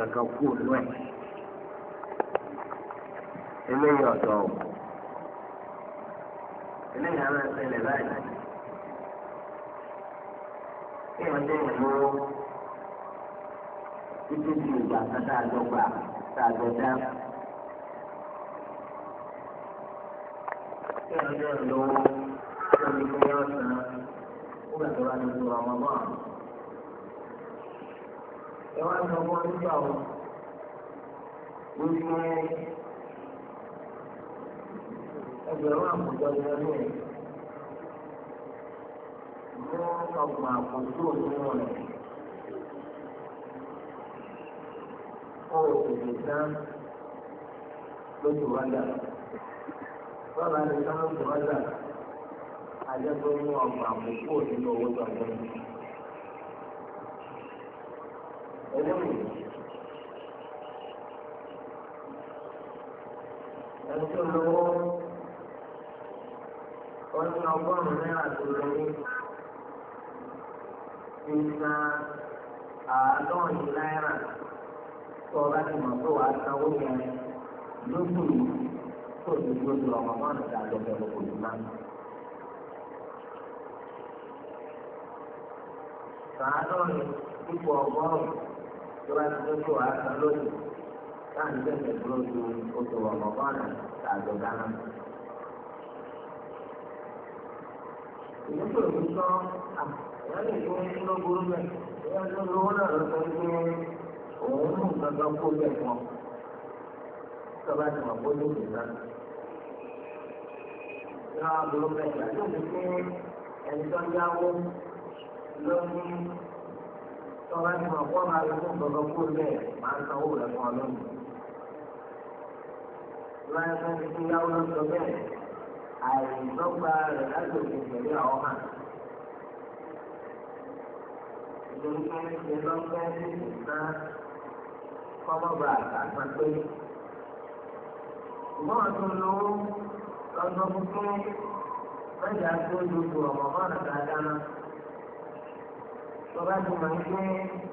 kankan kú ònú ẹ̀ eléyìí ọ̀dọ́ o eléyìí àwọn ẹ̀sẹ̀lẹ̀ báyìí kí wọ́n dé ìlú títí di ìgbà kan tá a lọ gbà tá a lọ dá. kí wọ́n dé ìlú tó kí wọ́n san ó ọmọ náà ẹ wá ní ọmọ nígbà wo wípé ẹgbẹ̀rún àkùjọ ni ẹ lóye mú ọgbọ̀n àkùjọ nínú rẹ̀ kó òkèèrè tán lójú wájà bọ́ọ̀lù àti sáwọn lójú wájà àjẹpẹ́ mú ọgbọ̀n àkùjọ nínú owó tó àjẹpẹ́ olóyìn ẹni tó lówó ó ní ọgọ́rùn-ún náírà tó lọ ní ti na àádọ́rin náírà tó ọba ti mọ̀ pé wàá sanwó yẹn lóṣù tó ti gbóṣù ọmọ mọ́nà tá a lọ bẹ̀rẹ̀ kò ní máa. ipò ọgọ́rùn-ún tó bá ti tó wà á dúró ju oṣù ọ̀mọ̀kànlá tààjọ dáná. ìdíje òní sọ àwọn lè fún inú burú bẹ́ẹ̀ ìyá tó lówó náà ló sọ pé òun mú nǹkan kó bẹ́ẹ̀ fún ọ. ti mọ̀ pé ó ní ìgbà burú bẹ́ẹ̀ ìyá tó lè fún ẹni tó yáwó lónìí. tọ́ba ní mọ̀ kọ́ máa lọ́kùn gbọ́dọ̀ kó lẹ̀ máa san owó rẹ̀ fún ọlọ́run. láyé fún mi tí yáwó ló sọ bẹ́ẹ̀ àìsọ́gba rẹ̀ láti òfin pẹ̀lú àwọn hàn. ìdòwú pé ṣe ní àgbà pé fún pé tó lóko ọba ti mọ̀ ní pé.